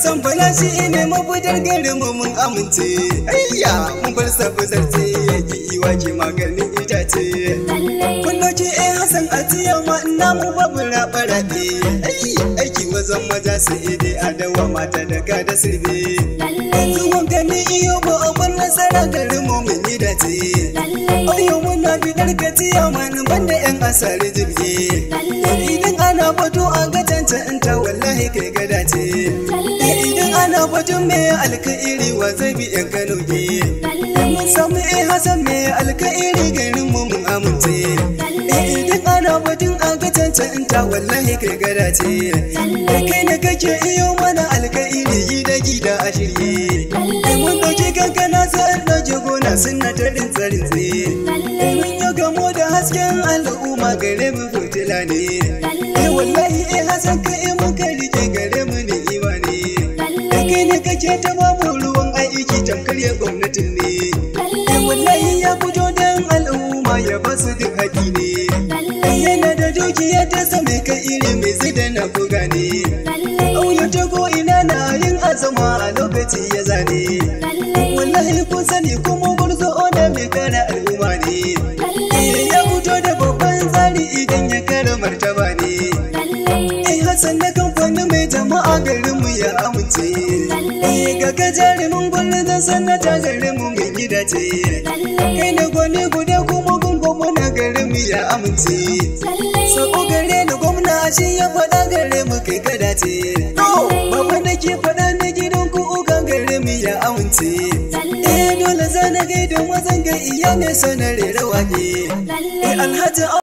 san bala shi ne mabudar garin mu mun amince ayya mun bar sabu zarce yaki iwa magani ita ce kullo ki eh hasan atiya ma ina mu babu raba aiki wazan maza su ide adawa mata da ka da sirbe yanzu mun gani iyo ba abun nasara garin mu mun yi dace ayyo muna bidar katiya ma nan banda yan asari jirgi idan ana fito a gajanta ta wallahi kai gada ce na fajin me alka'iri wa zabi yan kano biye mun samu e eh, hasan me alka'iri garin mu mun amince eh idan ana fajin an ga ta wallahi kai gara ce kai ne kake iyo mana alka'iri gida gida a shirye mun dauki kankana sai dauki gona sunna tarin tsarin tsaye. mun yi gamo da hasken al'umma gare mu fitila ne eh wallahi e eh, hasan e mun kai rike ce ta babu ruwan aiki tamkar ya gwamnatin ne. Ai wallahi ya fito don al'umma ya ba su duk haƙi ne. yana da dukiya ta same ka iri mai zida na buga ne. Auya ta ko ina na yin azama a lokaci ya zane. Wallahi kun sani kuma gurzo ona mai kara al'umma ne. Eh, ya fito da babban tsari idan ya kara martaba sanya kamfanin mai jama'a garin mu ya amince eh, ga ka jarumin gwamna da sanna jajarin mu mai gida kai da gwani gude kuma mu na garin mu ya amince sako gare ni gwamna shi ya faɗa gare mu kai gada ce babu da ke faɗa na gidan ku ugan gare mu ya amince eh dole zana gaida mazan ga iya sanare sanar rawa ne eh, alhaji